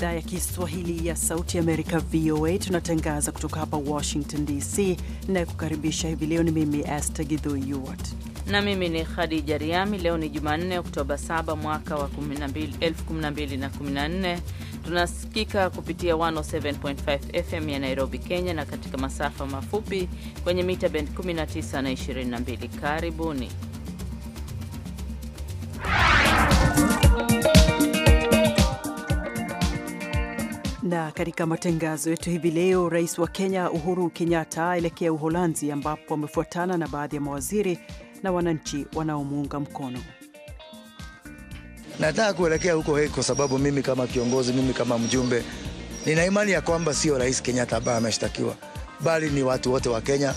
idhaa ya Kiswahili ya Sauti Amerika, VOA. Tunatangaza kutoka hapa Washington DC, kukaribisha hivi leo ni mimi Esther Gidhui Yuwat na mimi ni Khadija Riami. Leo ni Jumanne, Oktoba 7 mwaka wa 2014. Tunasikika kupitia 107.5 FM ya Nairobi, Kenya, na katika masafa mafupi kwenye mita bend 19 na 22. Karibuni. Na katika matangazo yetu hivi leo, rais wa Kenya Uhuru Kenyatta aelekea Uholanzi ambapo amefuatana na baadhi ya mawaziri na wananchi wanaomuunga mkono. Nataka kuelekea huko hei, kwa sababu mimi kama kiongozi, mimi kama mjumbe, nina imani ya kwamba sio rais Kenyatta ambaye ameshtakiwa, bali ni watu wote wa Kenya.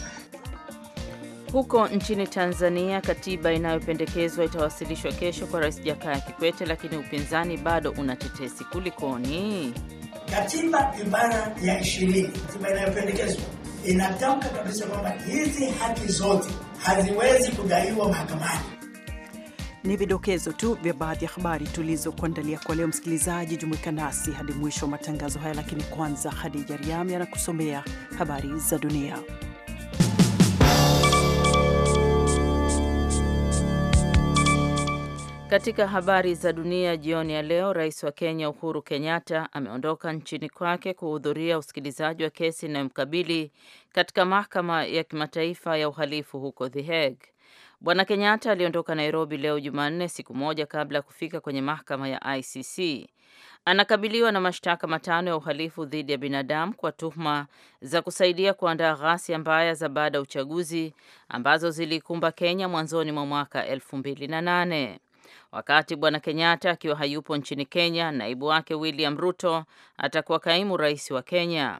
Huko nchini Tanzania, katiba inayopendekezwa itawasilishwa kesho kwa Rais Jakaya Kikwete, lakini upinzani bado una tetesi. Kulikoni? Katiba ibara ya ishirini, katiba inayopendekezwa inatamka kabisa kwamba hizi haki zote haziwezi kudaiwa mahakamani. Ni vidokezo tu vya baadhi ya habari tulizokuandalia kwa leo. Msikilizaji, jumuika nasi hadi mwisho wa matangazo haya, lakini kwanza, Hadija Riami anakusomea habari za dunia. Katika habari za dunia jioni ya leo, rais wa Kenya Uhuru Kenyatta ameondoka nchini kwake kuhudhuria usikilizaji wa kesi inayomkabili katika mahakama ya kimataifa ya uhalifu huko The Hague. Bwana Kenyatta aliondoka Nairobi leo Jumanne, siku moja kabla ya kufika kwenye mahakama ya ICC. Anakabiliwa na mashtaka matano ya uhalifu dhidi ya binadamu kwa tuhuma za kusaidia kuandaa ghasia mbaya za baada ya uchaguzi ambazo ziliikumba Kenya mwanzoni mwa mwaka 28 Wakati Bwana Kenyatta akiwa hayupo nchini Kenya, naibu wake William Ruto atakuwa kaimu rais wa Kenya.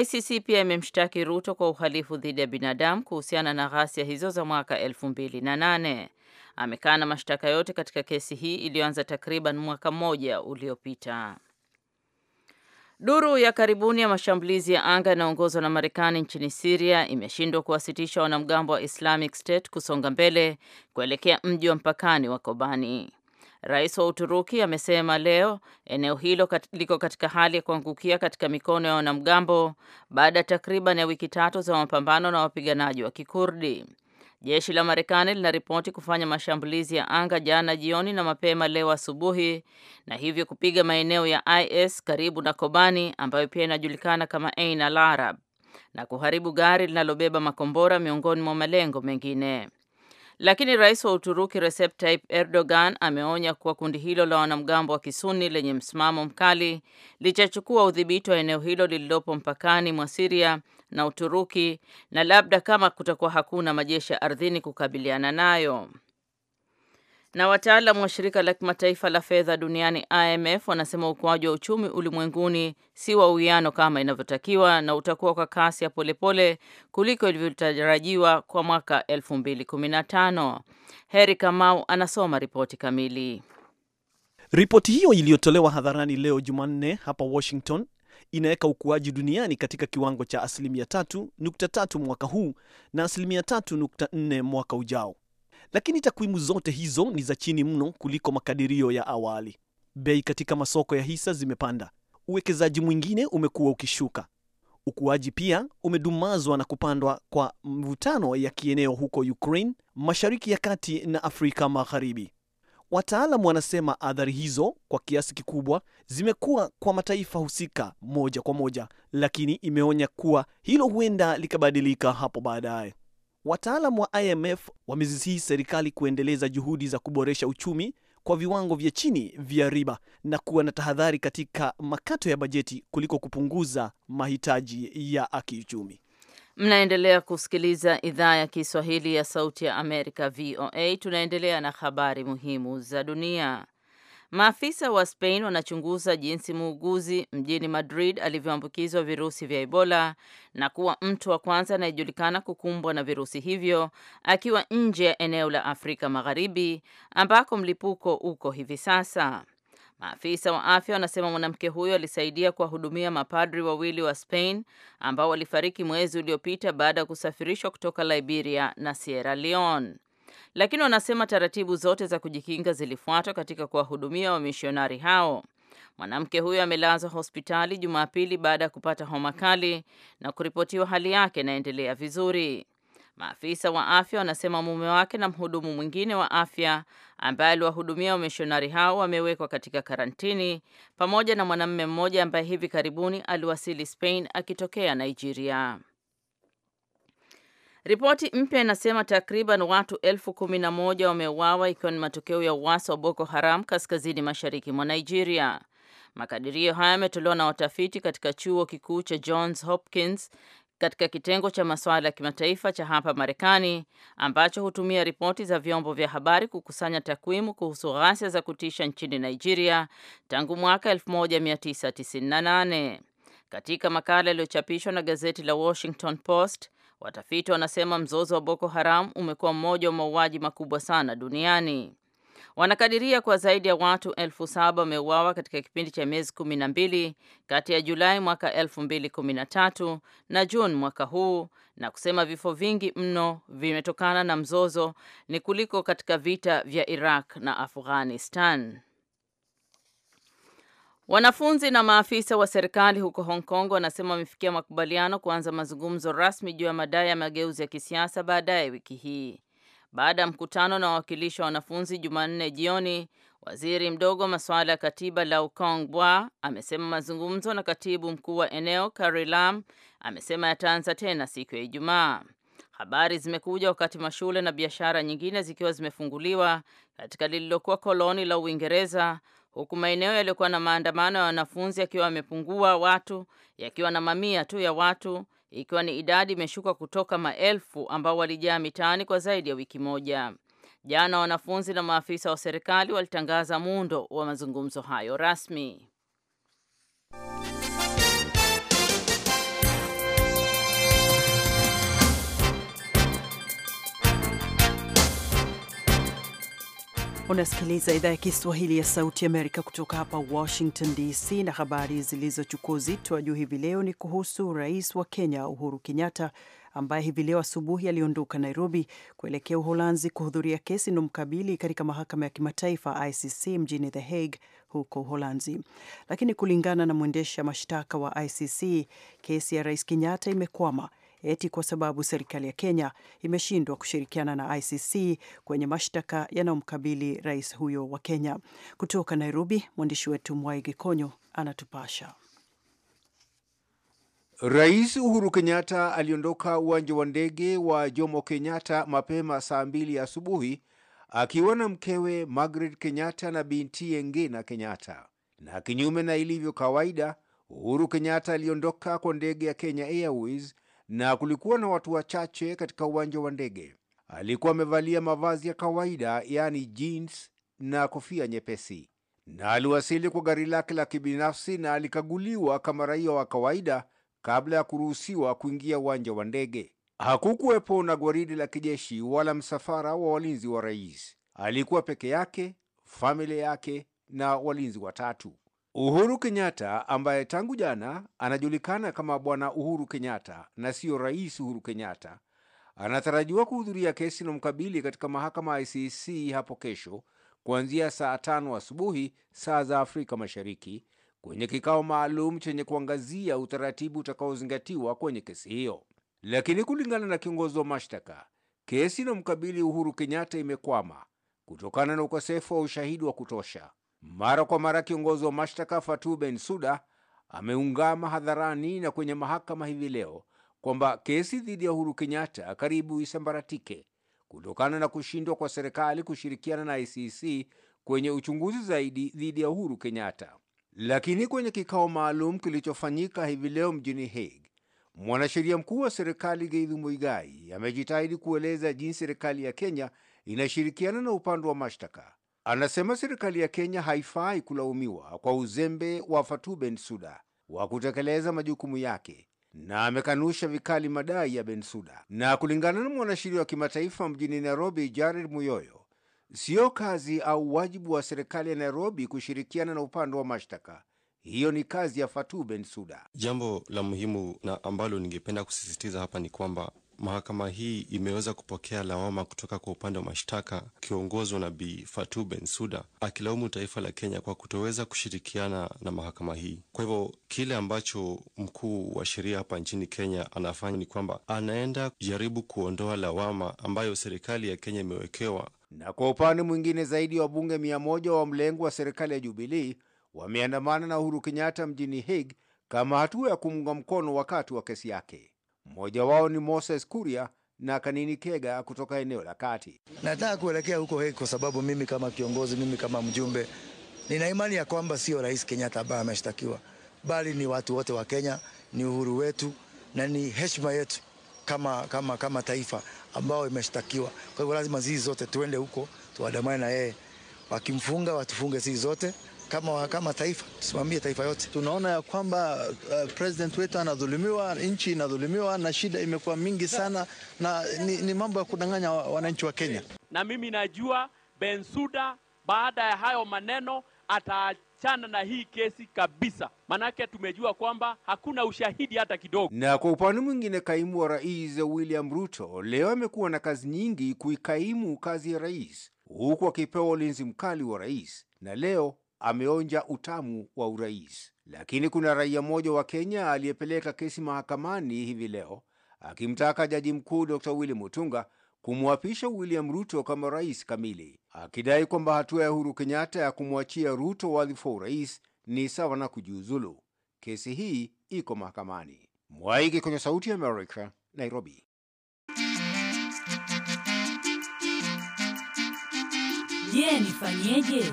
ICC pia imemshtaki Ruto kwa uhalifu dhidi ya binadamu kuhusiana na ghasia hizo za mwaka elfu mbili na nane. Amekana mashtaka yote katika kesi hii iliyoanza takriban mwaka mmoja uliopita. Duru ya karibuni ya mashambulizi ya anga inaongozwa na Marekani nchini Siria imeshindwa kuwasitisha wanamgambo wa Islamic State kusonga mbele kuelekea mji wa mpakani wa Kobani. Rais wa Uturuki amesema leo eneo hilo kat, liko katika hali ya kuangukia katika mikono ya wanamgambo baada ya takriban ya wiki tatu za mapambano na wapiganaji wa Kikurdi. Jeshi la Marekani linaripoti kufanya mashambulizi ya anga jana jioni na mapema leo asubuhi na hivyo kupiga maeneo ya IS karibu na Kobani ambayo pia inajulikana kama Ain al-Arab na kuharibu gari linalobeba makombora miongoni mwa malengo mengine. Lakini rais wa Uturuki Recep Tayyip Erdogan ameonya kuwa kundi hilo la wanamgambo wa Kisuni lenye msimamo mkali lichachukua udhibiti wa eneo hilo lililopo mpakani mwa Siria na Uturuki na labda kama kutakuwa hakuna majeshi ya ardhini kukabiliana nayo. Na wataalam wa shirika la kimataifa la fedha duniani IMF wanasema ukuaji wa uchumi ulimwenguni si wa uwiano kama inavyotakiwa na utakuwa kwa kasi ya polepole kuliko ilivyotarajiwa kwa mwaka 2015. Heri Kamau anasoma ripoti kamili. Ripoti hiyo iliyotolewa hadharani leo Jumanne hapa Washington inaweka ukuaji duniani katika kiwango cha asilimia 3.3 mwaka huu na asilimia 3.4 mwaka ujao lakini takwimu zote hizo ni za chini mno kuliko makadirio ya awali. Bei katika masoko ya hisa zimepanda, uwekezaji mwingine umekuwa ukishuka. Ukuaji pia umedumazwa na kupandwa kwa mvutano ya kieneo huko Ukraine, Mashariki ya Kati na Afrika Magharibi. Wataalamu wanasema athari hizo kwa kiasi kikubwa zimekuwa kwa mataifa husika moja kwa moja, lakini imeonya kuwa hilo huenda likabadilika hapo baadaye. Wataalam wa IMF wamezisihi serikali kuendeleza juhudi za kuboresha uchumi kwa viwango vya chini vya riba na kuwa na tahadhari katika makato ya bajeti kuliko kupunguza mahitaji ya kiuchumi. Mnaendelea kusikiliza idhaa ya Kiswahili ya Sauti ya Amerika, VOA. Tunaendelea na habari muhimu za dunia. Maafisa wa Spain wanachunguza jinsi muuguzi mjini Madrid alivyoambukizwa virusi vya Ebola na kuwa mtu wa kwanza anayejulikana kukumbwa na virusi hivyo akiwa nje ya eneo la Afrika Magharibi ambako mlipuko uko hivi sasa. Maafisa wa afya wanasema mwanamke huyo alisaidia kuwahudumia mapadri wawili wa Spain ambao walifariki mwezi uliopita baada ya kusafirishwa kutoka Liberia na Sierra Leone lakini wanasema taratibu zote za kujikinga zilifuatwa katika kuwahudumia wamishonari hao. Mwanamke huyo amelazwa hospitali Jumapili baada ya kupata homa kali na kuripotiwa hali yake inaendelea vizuri. Maafisa wa afya wanasema mume wake na mhudumu mwingine wa afya ambaye aliwahudumia wamishonari hao wamewekwa katika karantini pamoja na mwanamume mmoja ambaye hivi karibuni aliwasili Spain akitokea Nigeria. Ripoti mpya inasema takriban watu elfu kumi na moja wameuawa ikiwa ni matokeo ya uasi wa Boko Haram kaskazini mashariki mwa Nigeria. Makadirio haya yametolewa na watafiti katika chuo kikuu cha Johns Hopkins katika kitengo cha masuala ya kimataifa cha hapa Marekani ambacho hutumia ripoti za vyombo vya habari kukusanya takwimu kuhusu ghasia za kutisha nchini Nigeria tangu mwaka 1998. Katika makala yaliyochapishwa na gazeti la Washington Post, Watafiti wanasema mzozo wa Boko Haram umekuwa mmoja wa mauaji makubwa sana duniani. Wanakadiria kwa zaidi ya watu elfu saba wameuawa katika kipindi cha miezi kumi na mbili kati ya Julai mwaka elfu mbili kumi na tatu na Juni mwaka huu, na kusema vifo vingi mno vimetokana na mzozo ni kuliko katika vita vya Iraq na Afghanistan. Wanafunzi na maafisa wa serikali huko Hong Kong wanasema wamefikia makubaliano kuanza mazungumzo rasmi juu ya madai ya mageuzi ya kisiasa baadaye wiki hii. Baada ya mkutano na wawakilishi wa wanafunzi Jumanne jioni, waziri mdogo wa masuala ya katiba Lau Kong Bwa amesema mazungumzo na katibu mkuu wa eneo Carrie Lam amesema yataanza tena siku ya Ijumaa. Habari zimekuja wakati mashule na biashara nyingine zikiwa zimefunguliwa katika lililokuwa koloni la Uingereza huku maeneo yaliyokuwa na maandamano ya wanafunzi yakiwa yamepungua watu, yakiwa na mamia tu ya watu, ikiwa ni idadi imeshuka kutoka maelfu ambao walijaa mitaani kwa zaidi ya wiki moja. Jana wanafunzi na maafisa wa serikali walitangaza muundo wa mazungumzo hayo rasmi. Unasikiliza idhaa ya Kiswahili ya Sauti Amerika kutoka hapa Washington DC, na habari zilizochukua uzito wa juu hivi leo ni kuhusu rais wa Kenya Uhuru Kenyatta ambaye hivi leo asubuhi aliondoka Nairobi kuelekea Uholanzi kuhudhuria kesi inayomkabili katika mahakama ya kimataifa ICC mjini The Hague huko Uholanzi. Lakini kulingana na mwendesha mashtaka wa ICC, kesi ya rais Kenyatta imekwama eti kwa sababu serikali ya Kenya imeshindwa kushirikiana na ICC kwenye mashtaka yanayomkabili rais huyo wa Kenya. Kutoka Nairobi, mwandishi wetu Mwai Konyo anatupasha. Rais Uhuru Kenyatta aliondoka uwanja wa ndege wa Jomo Kenyatta mapema saa mbili asubuhi akiwa na mkewe Margaret Kenyatta na bintiye Ngina Kenyatta. Na kinyume na ilivyo kawaida, Uhuru Kenyatta aliondoka kwa ndege ya Kenya Airways na kulikuwa na watu wachache katika uwanja wa ndege. Alikuwa amevalia mavazi ya kawaida, yaani jeans na kofia nyepesi, na aliwasili kwa gari lake la kibinafsi na alikaguliwa kama raia wa kawaida kabla ya kuruhusiwa kuingia uwanja wa ndege. Hakukuwepo na gwaridi la kijeshi wala msafara wa walinzi wa rais. Alikuwa peke yake, familia yake na walinzi watatu. Uhuru Kenyatta ambaye tangu jana anajulikana kama Bwana Uhuru Kenyatta na siyo Rais Uhuru Kenyatta anatarajiwa kuhudhuria kesi na mkabili katika mahakama ya ICC hapo kesho kuanzia saa tano asubuhi saa za Afrika Mashariki kwenye kikao maalum chenye kuangazia utaratibu utakaozingatiwa kwenye kesi hiyo. Lakini kulingana na kiongozi wa mashtaka, kesi na mkabili Uhuru Kenyatta imekwama kutokana na ukosefu wa ushahidi wa kutosha. Mara kwa mara kiongozi wa mashtaka Fatou Bensouda ameungama hadharani na kwenye mahakama hivi leo kwamba kesi dhidi ya Uhuru Kenyatta karibu isambaratike kutokana na kushindwa kwa serikali kushirikiana na ICC kwenye uchunguzi zaidi dhidi ya Uhuru Kenyatta. Lakini kwenye kikao maalum kilichofanyika hivi leo mjini Hague, mwanasheria mkuu wa serikali Githu Muigai amejitahidi kueleza jinsi serikali ya Kenya inashirikiana na upande wa mashtaka anasema serikali ya Kenya haifai kulaumiwa kwa uzembe wa Fatou Bensouda wa kutekeleza majukumu yake na amekanusha vikali madai ya Bensouda. Na kulingana na mwanasheria wa kimataifa mjini Nairobi, Jared Muyoyo, sio kazi au wajibu wa serikali ya Nairobi kushirikiana na upande wa mashtaka. Hiyo ni kazi ya Fatou Bensouda. Jambo la muhimu na ambalo ningependa kusisitiza hapa ni kwamba Mahakama hii imeweza kupokea lawama kutoka kwa upande wa mashtaka akiongozwa na Bi Fatu Bensuda akilaumu taifa la Kenya kwa kutoweza kushirikiana na mahakama hii. Kwa hivyo kile ambacho mkuu wa sheria hapa nchini Kenya anafanya ni kwamba anaenda kujaribu kuondoa lawama ambayo serikali ya Kenya imewekewa. Na kwa upande mwingine, zaidi ya wabunge mia moja wa mlengo wa serikali ya Jubilii wameandamana na Uhuru Kenyatta mjini Hague kama hatua ya kumunga mkono wakati wa kesi yake. Mmoja wao ni Moses Kuria na Kanini Kega kutoka eneo la kati. Nataka kuelekea huko Hague kwa sababu mimi kama kiongozi, mimi kama mjumbe, nina imani ya kwamba sio Rais Kenyatta ambaye ameshtakiwa, bali ni watu wote wa Kenya, ni uhuru wetu na ni heshima yetu kama, kama, kama taifa ambayo imeshtakiwa. Kwa hivyo lazima zizi zote tuende huko tuandamane na yeye, wakimfunga watufunge sisi zote kama, kama taifa tusimamie taifa yote. Tunaona ya kwamba uh, president wetu anadhulumiwa, nchi inadhulumiwa na shida imekuwa mingi sana, na ni, ni mambo ya kudanganya wananchi wa Kenya. Na mimi najua Bensuda baada ya hayo maneno ataachana na hii kesi kabisa, manake tumejua kwamba hakuna ushahidi hata kidogo. Na kwa upande mwingine, kaimu wa rais William Ruto leo amekuwa na kazi nyingi kuikaimu kazi ya rais, huku akipewa ulinzi mkali wa rais, na leo ameonja utamu wa urais. Lakini kuna raia mmoja wa Kenya aliyepeleka kesi mahakamani hivi leo akimtaka jaji mkuu Dr. Willy Mutunga kumwapisha William Ruto kama rais kamili, akidai kwamba hatua ya Uhuru Kenyatta ya kumwachia Ruto wadhifa wa urais ni sawa na kujiuzulu. Kesi hii iko mahakamani. Mwaiki kwenye Sauti ya Amerika, Nairobi. Je, nifanyeje?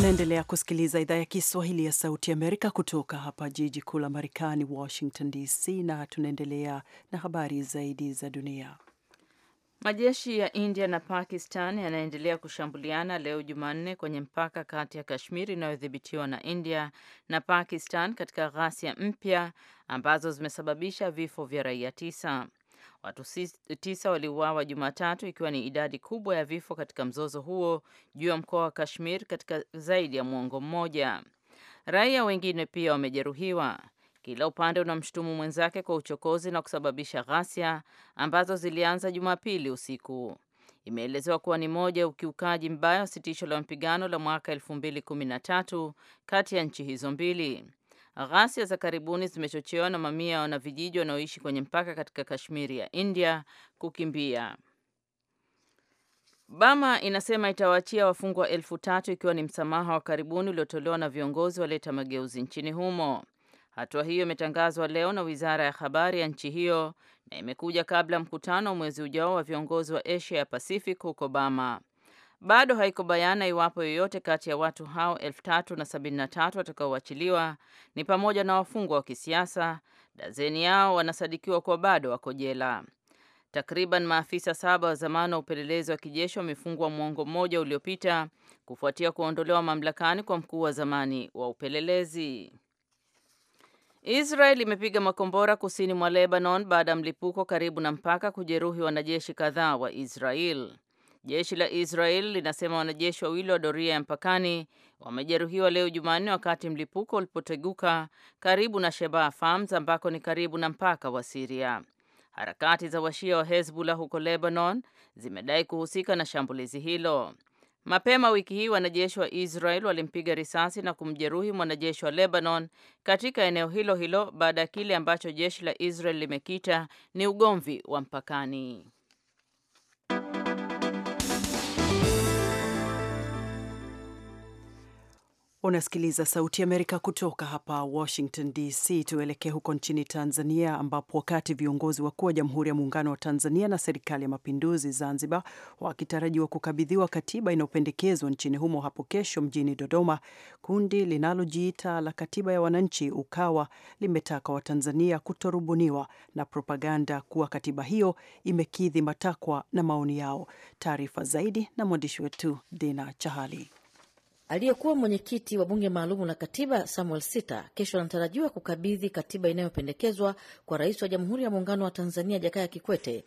Naendelea kusikiliza idhaa ya Kiswahili ya Sauti Amerika kutoka hapa jiji kuu la Marekani, Washington DC, na tunaendelea na habari zaidi za dunia. Majeshi ya India na Pakistan yanaendelea kushambuliana leo Jumanne kwenye mpaka kati ya Kashmir inayodhibitiwa na India na Pakistan katika ghasia mpya ambazo zimesababisha vifo vya raia tisa. Watu tisa waliuawa Jumatatu, ikiwa ni idadi kubwa ya vifo katika mzozo huo juu ya mkoa wa Kashmir katika zaidi ya mwongo mmoja. Raia wengine pia wamejeruhiwa. Kila upande unamshutumu mwenzake kwa uchokozi na kusababisha ghasia ambazo zilianza Jumapili usiku. Imeelezewa kuwa ni moja ya ukiukaji mbaya wa sitisho la mapigano la mwaka 2013 kati ya nchi hizo mbili. Ghasia za karibuni zimechochewa na mamia ya wanavijiji wanaoishi kwenye mpaka katika Kashmiri ya India kukimbia. Bama inasema itawaachia wafungwa elfu tatu ikiwa ni msamaha wa karibuni uliotolewa na viongozi waleta mageuzi nchini humo. Hatua hiyo imetangazwa leo na wizara ya habari ya nchi hiyo na imekuja kabla mkutano wa mwezi ujao wa viongozi wa Asia ya Pacific huko Bama. Bado haiko bayana iwapo yoyote kati ya watu hao 373 watakaoachiliwa ni pamoja na wafungwa wa kisiasa. Dazeni yao wanasadikiwa kuwa bado wako jela. Takriban maafisa saba wa zamani wa upelelezi wa kijeshi wamefungwa mwongo mmoja uliopita kufuatia kuondolewa mamlakani kwa mkuu wa zamani wa upelelezi. Israel imepiga makombora kusini mwa Lebanon baada ya mlipuko karibu na mpaka kujeruhi wanajeshi kadhaa wa Israel. Jeshi la Israel linasema wanajeshi wawili wa doria ya mpakani wamejeruhiwa leo Jumanne wakati mlipuko ulipoteguka karibu na Shebaa Farms ambako ni karibu na mpaka wa Siria. Harakati za washia wa Hezbollah huko Lebanon zimedai kuhusika na shambulizi hilo. Mapema wiki hii wanajeshi wa Israel walimpiga risasi na kumjeruhi mwanajeshi wa Lebanon katika eneo hilo hilo baada ya kile ambacho jeshi la Israel limekita ni ugomvi wa mpakani. Unasikiliza Sauti ya Amerika kutoka hapa Washington DC. Tuelekee huko nchini Tanzania, ambapo wakati viongozi wakuu wa Jamhuri ya Muungano wa Tanzania na Serikali ya Mapinduzi Zanzibar wakitarajiwa kukabidhiwa katiba inayopendekezwa nchini humo hapo kesho mjini Dodoma, kundi linalojiita la Katiba ya Wananchi UKAWA limetaka Watanzania kutorubuniwa na propaganda kuwa katiba hiyo imekidhi matakwa na maoni yao. Taarifa zaidi na mwandishi wetu Dina Chahali. Aliyekuwa mwenyekiti wa bunge maalum la katiba Samuel Sita kesho anatarajiwa kukabidhi katiba inayopendekezwa kwa rais wa Jamhuri ya Muungano wa Tanzania Jakaya Kikwete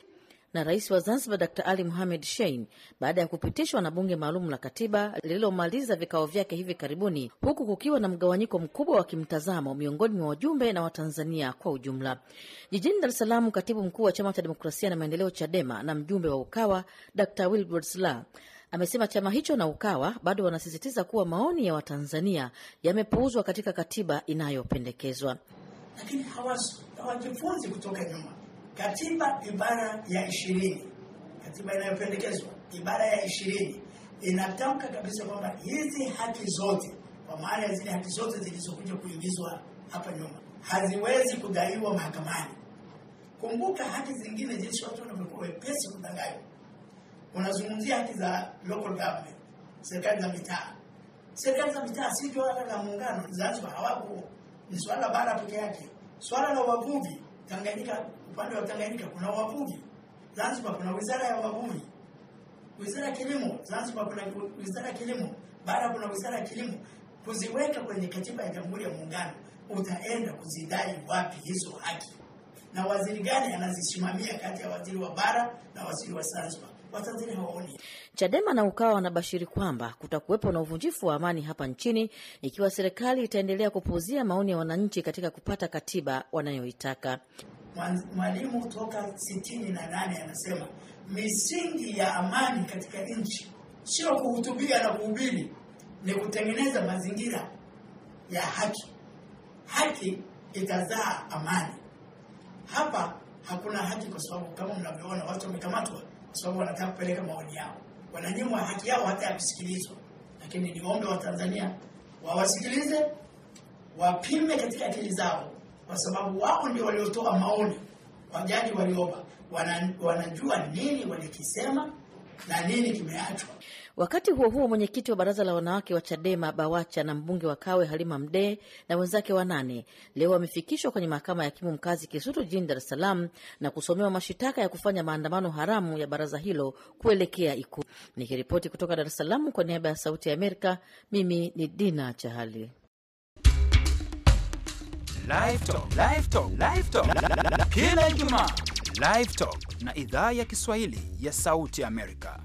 na rais wa Zanzibar Dr Ali Muhamed Shein baada ya kupitishwa na bunge maalum la katiba lililomaliza vikao vyake hivi karibuni, huku kukiwa na mgawanyiko mkubwa wa kimtazamo miongoni mwa wajumbe na Watanzania kwa ujumla. Jijini Dar es Salaam, katibu mkuu wa chama cha demokrasia na maendeleo CHADEMA na mjumbe wa UKAWA Dr Wilbrod Slaa Amesema chama hicho na Ukawa bado wanasisitiza kuwa maoni ya Watanzania yamepuuzwa katika katiba inayopendekezwa. Lakini hawajifunzi kutoka nyuma. Katiba ibara ya ishirini, katiba inayopendekezwa ibara ya ishirini inatamka kabisa kwamba hizi haki zote, kwa maana ya zile haki zote zilizokuja kuingizwa hapa nyuma, haziwezi kudaiwa mahakamani. Kumbuka haki zingine jinsi watu wanavyokuwa wepesi kudanganywa unazungumzia haki za local government, serikali za mitaa. Serikali za mitaa si hata la muungano, Zanzibar hawapo. Ni swala la bara peke yake. Swala la wavuvi Tanganyika, upande wa Tanganyika kuna wavuvi, Zanzibar kuna wizara ya wavuvi, wizara ya kilimo Zanzibar kuna wizara ya kilimo, bara kuna wizara ya kilimo. Kuziweka kwenye katiba ya Jamhuri ya Muungano, utaenda kuzidai wapi hizo haki? Na waziri gani anazisimamia kati ya waziri wa bara na waziri wa Zanzibar? Watanzania hawaoni. Chadema na Ukawa wanabashiri kwamba kutakuwepo na uvunjifu wa amani hapa nchini ikiwa serikali itaendelea kupuuzia maoni ya wananchi katika kupata katiba wanayoitaka. Mwalimu toka sitini na nane anasema misingi ya amani katika nchi sio kuhutubia na kuhubiri, ni kutengeneza mazingira ya haki. Haki itazaa amani. Hapa hakuna haki, kwa sababu kama mnavyoona watu wamekamatwa kwa sababu wanataka kupeleka maoni yao, wananyimwa haki yao hata ya kusikilizwa. Lakini wa Watanzania wawasikilize, wapime katika akili zao, kwa sababu wao ndio waliotoa maoni wajaji Warioba wana, wanajua nini walikisema na nini kimeachwa. Wakati huo huo, mwenyekiti wa baraza la wanawake wa Chadema Bawacha na mbunge wa Kawe Halima Mdee na wenzake wanane leo wamefikishwa kwenye mahakama ya hakimu mkazi Kisutu jijini Dar es Salaam na kusomewa mashitaka ya kufanya maandamano haramu ya baraza hilo kuelekea Ikulu. Nikiripoti kutoka Dar es Salaam kwa niaba ya Sauti ya Amerika, mimi ni Dina Chahali. Kila Ijumaa Live Talk na idhaa ya Kiswahili ya Sauti Amerika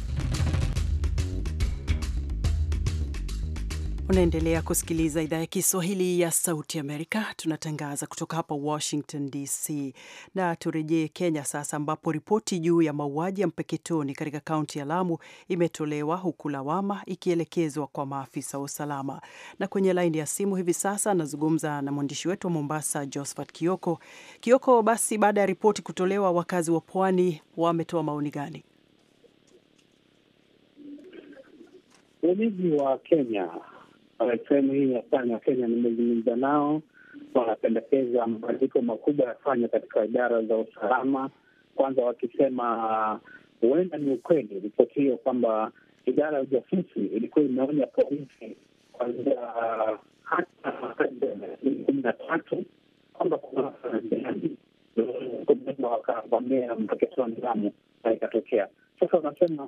Unaendelea kusikiliza idhaa ya Kiswahili ya Sauti Amerika. Tunatangaza kutoka hapa Washington DC, na turejee Kenya sasa, ambapo ripoti juu ya mauaji ya Mpeketoni katika kaunti ya Lamu imetolewa huku lawama ikielekezwa kwa maafisa wa usalama. Na kwenye laini ya simu hivi sasa anazungumza na mwandishi wetu wa Mombasa, Josphat Kioko. Kioko, basi baada ya ripoti kutolewa, wakazi wa pwani wametoa maoni gani? Wenyeji wa Kenya sehemu hii ya pwani Kenya, nimezungumza nao, wanapendekeza mabadiliko makubwa yafanywa katika idara za usalama, kwanza wakisema huenda ni ukweli ripoti hiyo kwamba idara ya ujasusi ilikuwa imeonya polisi kwanzia hata mwaka jana elfu kumi na tatu kwamba kuna wafanyakazi wakavamia mpokesea nidhamu na ikatokea. Sasa wanasema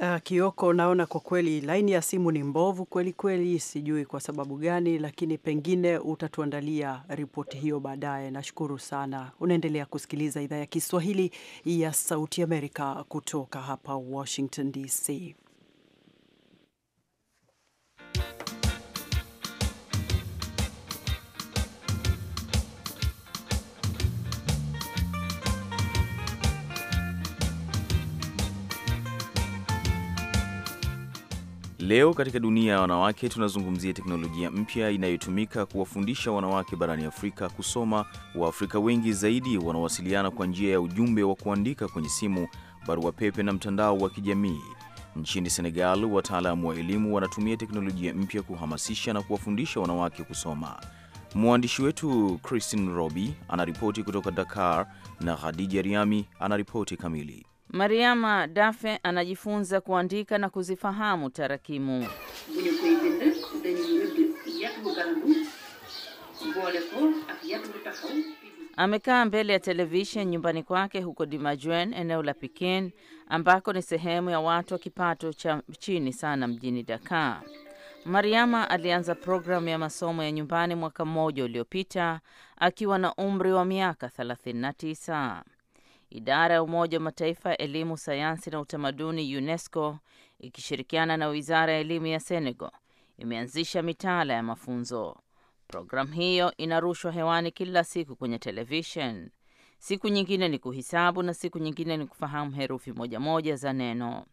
Uh, Kioko, naona kwa kweli laini ya simu ni mbovu kweli kweli, sijui kwa sababu gani, lakini pengine utatuandalia ripoti hiyo baadaye. Nashukuru sana. Unaendelea kusikiliza idhaa ya Kiswahili ya Sauti Amerika kutoka hapa Washington DC. Leo katika dunia ya wanawake tunazungumzia teknolojia mpya inayotumika kuwafundisha wanawake barani Afrika kusoma. Waafrika wengi zaidi wanawasiliana kwa njia ya ujumbe wa kuandika kwenye simu, barua pepe na mtandao wa kijamii. Nchini Senegal, wataalamu wa elimu wanatumia teknolojia mpya kuhamasisha na kuwafundisha wanawake kusoma. Mwandishi wetu Christine Robi anaripoti kutoka Dakar na Khadija Riami anaripoti kamili. Mariama Dafe anajifunza kuandika na kuzifahamu tarakimu. Amekaa mbele ya televishen nyumbani kwake huko Dimajuen, eneo la Pikin, ambako ni sehemu ya watu wa kipato cha chini sana mjini Dakar. Mariama alianza programu ya masomo ya nyumbani mwaka mmoja uliopita akiwa na umri wa miaka 39. Idara ya Umoja wa Mataifa ya elimu, sayansi na utamaduni UNESCO ikishirikiana na wizara ya elimu ya Senegal imeanzisha mitaala ya mafunzo. Programu hiyo inarushwa hewani kila siku kwenye televishen. Siku nyingine ni kuhisabu na siku nyingine ni kufahamu herufi moja moja za neno.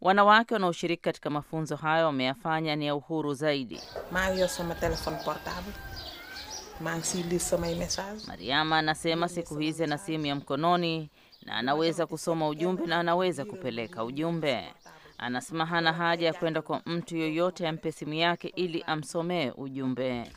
Wanawake wanaoshiriki katika mafunzo hayo wameyafanya ni ya uhuru zaidi. Mariama anasema siku hizi ana simu ya mkononi na anaweza kusoma ujumbe na anaweza kupeleka ujumbe. Anasema hana haja ya kwenda kwa mtu yoyote ampe simu yake ili amsomee ujumbe.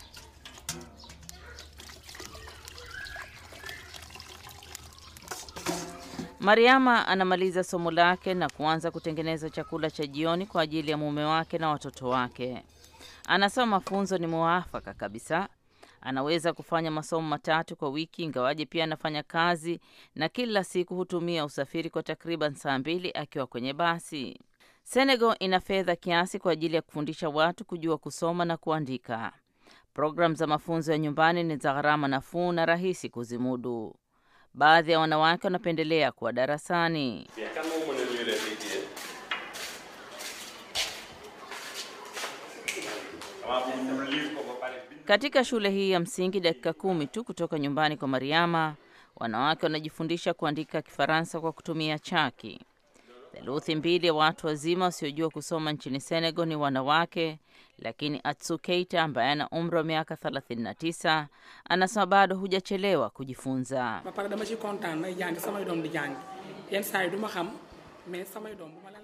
Mariama anamaliza somo lake na kuanza kutengeneza chakula cha jioni kwa ajili ya mume wake na watoto wake. Anasema mafunzo ni muafaka kabisa Anaweza kufanya masomo matatu kwa wiki, ingawaje pia anafanya kazi na kila siku hutumia usafiri kwa takriban saa mbili akiwa kwenye basi. Senegal ina fedha kiasi kwa ajili ya kufundisha watu kujua kusoma na kuandika. Programu za mafunzo ya nyumbani ni za gharama nafuu na rahisi kuzimudu. Baadhi ya wanawake wanapendelea kuwa darasani. Katika shule hii ya msingi, dakika kumi tu kutoka nyumbani kwa Mariama, wanawake wanajifundisha kuandika Kifaransa kwa kutumia chaki. Theluthi mbili ya watu wazima wasiojua kusoma nchini Senegal ni wanawake, lakini Atsu Keita ambaye ana umri wa miaka 39 anasema bado hujachelewa kujifunza.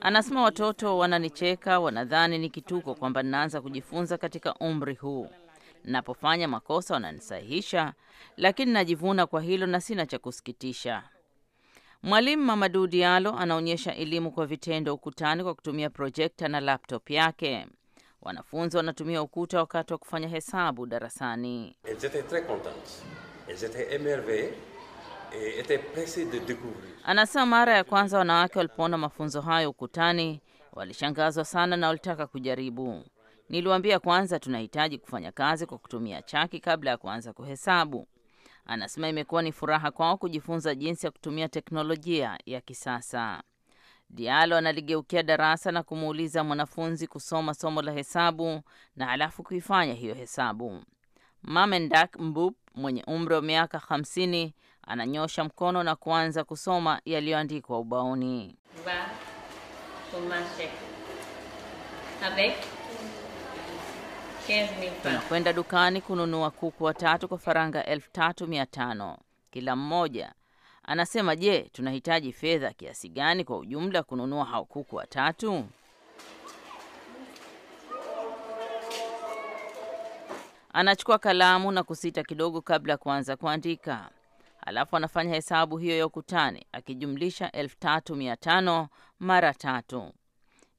Anasema watoto wananicheka, wanadhani ni kituko kwamba ninaanza kujifunza katika umri huu, Napofanya makosa wananisahihisha, lakini najivuna kwa hilo na sina cha kusikitisha. Mwalimu Mamadou Diallo anaonyesha elimu kwa vitendo ukutani kwa kutumia projekta na laptop yake. Wanafunzi wanatumia ukuta wakati wa kufanya hesabu darasani. Anasema mara ya kwanza wanawake walipoona mafunzo hayo ukutani walishangazwa sana na walitaka kujaribu. Niliwaambia kwanza tunahitaji kufanya kazi kwa kutumia chaki kabla ya kuanza kuhesabu. Anasema imekuwa ni furaha kwao kujifunza jinsi ya kutumia teknolojia ya kisasa. dialo analigeukia darasa na kumuuliza mwanafunzi kusoma somo la hesabu na halafu kuifanya hiyo hesabu. Mamendak Mbup mwenye umri wa miaka 50 ananyosha mkono na kuanza kusoma yaliyoandikwa ubaoni. Ba, tunakwenda dukani kununua kuku watatu kwa faranga elfu tatu mia tano kila mmoja. Anasema, je, tunahitaji fedha kiasi gani kwa ujumla kununua hao kuku watatu? Anachukua kalamu na kusita kidogo kabla ya kuanza kuandika, alafu anafanya hesabu hiyo ya ukutani akijumlisha elfu tatu mia tano mara tatu.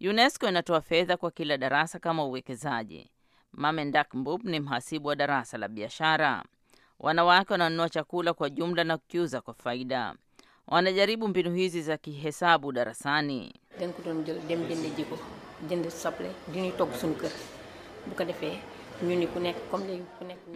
UNESCO inatoa fedha kwa kila darasa kama uwekezaji. Mamendak Mbub ni mhasibu wa darasa la biashara. Wanawake wananunua chakula kwa jumla na kukiuza kwa faida. Wanajaribu mbinu hizi za kihesabu darasani.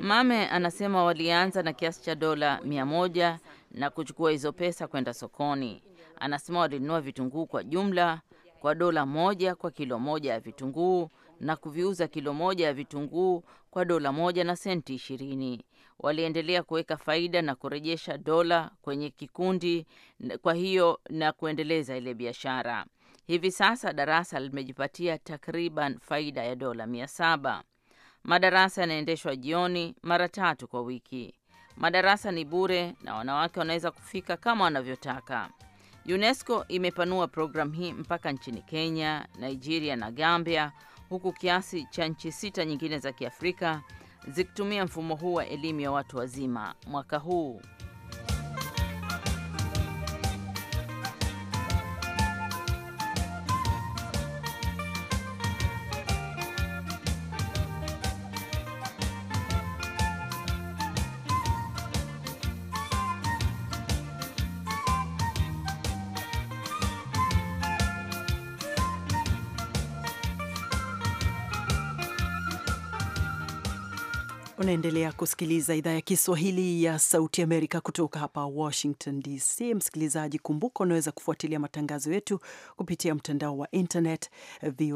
Mame anasema walianza na kiasi cha dola mia moja na kuchukua hizo pesa kwenda sokoni. Anasema walinunua vitunguu kwa jumla kwa dola moja kwa kilo moja ya vitunguu na kuviuza kilo moja ya vitunguu kwa dola moja na senti ishirini. Waliendelea kuweka faida na kurejesha dola kwenye kikundi, kwa hiyo na kuendeleza ile biashara. Hivi sasa darasa limejipatia takriban faida ya dola mia saba. Madarasa yanaendeshwa jioni mara tatu kwa wiki. Madarasa ni bure na wanawake wanaweza kufika kama wanavyotaka. UNESCO imepanua programu hii mpaka nchini Kenya, Nigeria na Gambia huku kiasi cha nchi sita nyingine za Kiafrika zikitumia mfumo huu wa elimu ya watu wazima mwaka huu. Unaendelea kusikiliza idhaa ya Kiswahili ya Sauti Amerika kutoka hapa Washington DC. Msikilizaji, kumbuka unaweza kufuatilia matangazo yetu kupitia mtandao wa internet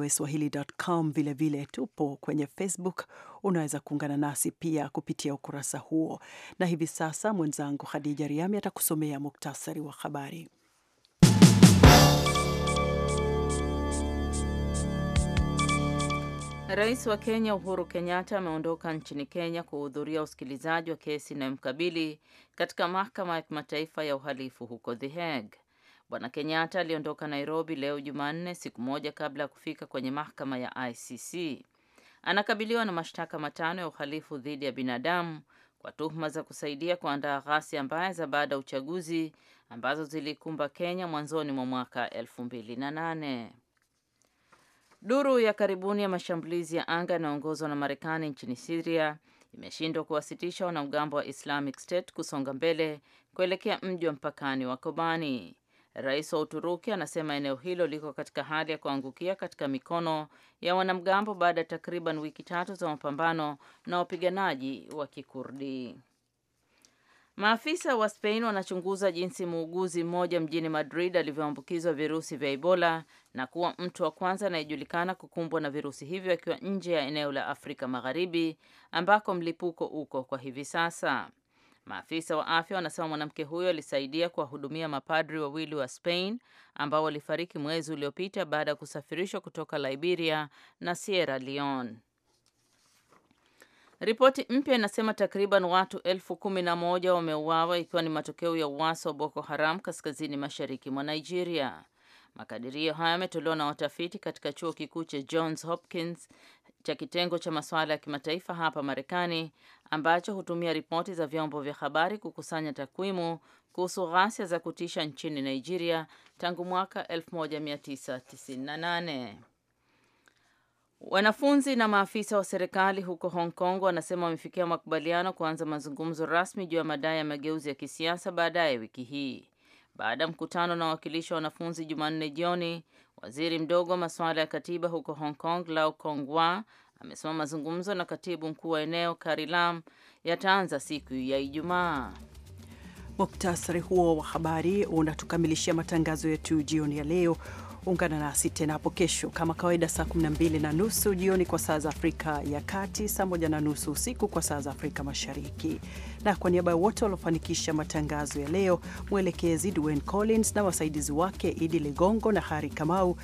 swahili.com. Vilevile tupo kwenye Facebook, unaweza kuungana nasi pia kupitia ukurasa huo. Na hivi sasa mwenzangu Khadija Riami atakusomea muktasari wa habari. Rais wa Kenya Uhuru Kenyatta ameondoka nchini Kenya kuhudhuria usikilizaji wa kesi inayomkabili katika mahakama ya kimataifa ya uhalifu huko The Hague. Bwana Kenyatta aliondoka Nairobi leo Jumanne, siku moja kabla ya kufika kwenye mahakama ya ICC. Anakabiliwa na mashtaka matano ya uhalifu dhidi ya binadamu kwa tuhuma za kusaidia kuandaa ghasia mbaya za baada ya uchaguzi ambazo zilikumba Kenya mwanzoni mwa mwaka 28 Duru ya karibuni ya mashambulizi ya anga yanayoongozwa na Marekani nchini Siria imeshindwa kuwasitisha wanamgambo wa Islamic State kusonga mbele kuelekea mji wa mpakani wa Kobani. Rais wa Uturuki anasema eneo hilo liko katika hali ya kuangukia katika mikono ya wanamgambo baada ya takriban wiki tatu za mapambano na wapiganaji wa Kikurdi. Maafisa wa Spain wanachunguza jinsi muuguzi mmoja mjini Madrid alivyoambukizwa virusi vya Ebola na kuwa mtu wa kwanza anayejulikana kukumbwa na virusi hivyo akiwa nje ya eneo la Afrika Magharibi ambako mlipuko uko kwa hivi sasa. Maafisa wa afya wanasema mwanamke huyo alisaidia kuwahudumia mapadri wawili wa Spain ambao walifariki mwezi uliopita baada ya kusafirishwa kutoka Liberia na Sierra Leone. Ripoti mpya inasema takriban watu elfu kumi na moja wameuawa ikiwa ni matokeo ya uasi wa Boko Haram kaskazini mashariki mwa Nigeria. Makadirio haya yametolewa na watafiti katika chuo kikuu cha Johns Hopkins cha kitengo cha masuala ya kimataifa hapa Marekani ambacho hutumia ripoti za vyombo vya habari kukusanya takwimu kuhusu ghasia za kutisha nchini Nigeria tangu mwaka 1998. Wanafunzi na maafisa wa serikali huko Hong Kong wanasema wamefikia makubaliano kuanza mazungumzo rasmi juu ya madai ya mageuzi ya kisiasa baadaye wiki hii. Baada ya mkutano na wawakilishi wa wanafunzi Jumanne jioni, waziri mdogo wa masuala ya katiba huko Hong Kong Lau Kong Wah amesema mazungumzo na katibu mkuu wa eneo Carrie Lam yataanza siku ya Ijumaa. Muktasari huo wa habari unatukamilishia matangazo yetu jioni ya leo. Ungana nasi tena hapo kesho kama kawaida, saa 12 na nusu jioni kwa saa za Afrika ya Kati, saa 1 na nusu usiku kwa saa za Afrika Mashariki. Na kwa niaba ya wote waliofanikisha matangazo ya leo, mwelekezi Dwayne Collins na wasaidizi wake Idi Ligongo na Hari Kamau,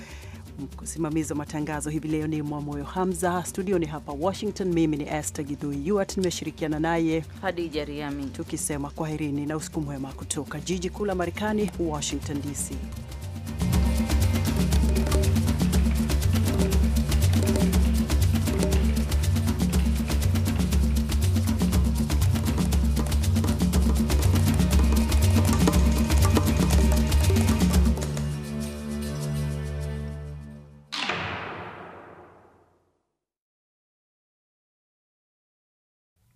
msimamizi wa matangazo hivi leo ni Mwamoyo Hamza. Studioni hapa Washington, mimi ni Esther Gidhui Yuat, nimeshirikiana naye Hadija Riami, tukisema kwaherini na usiku mwema kutoka jiji kuu la Marekani, Washington DC.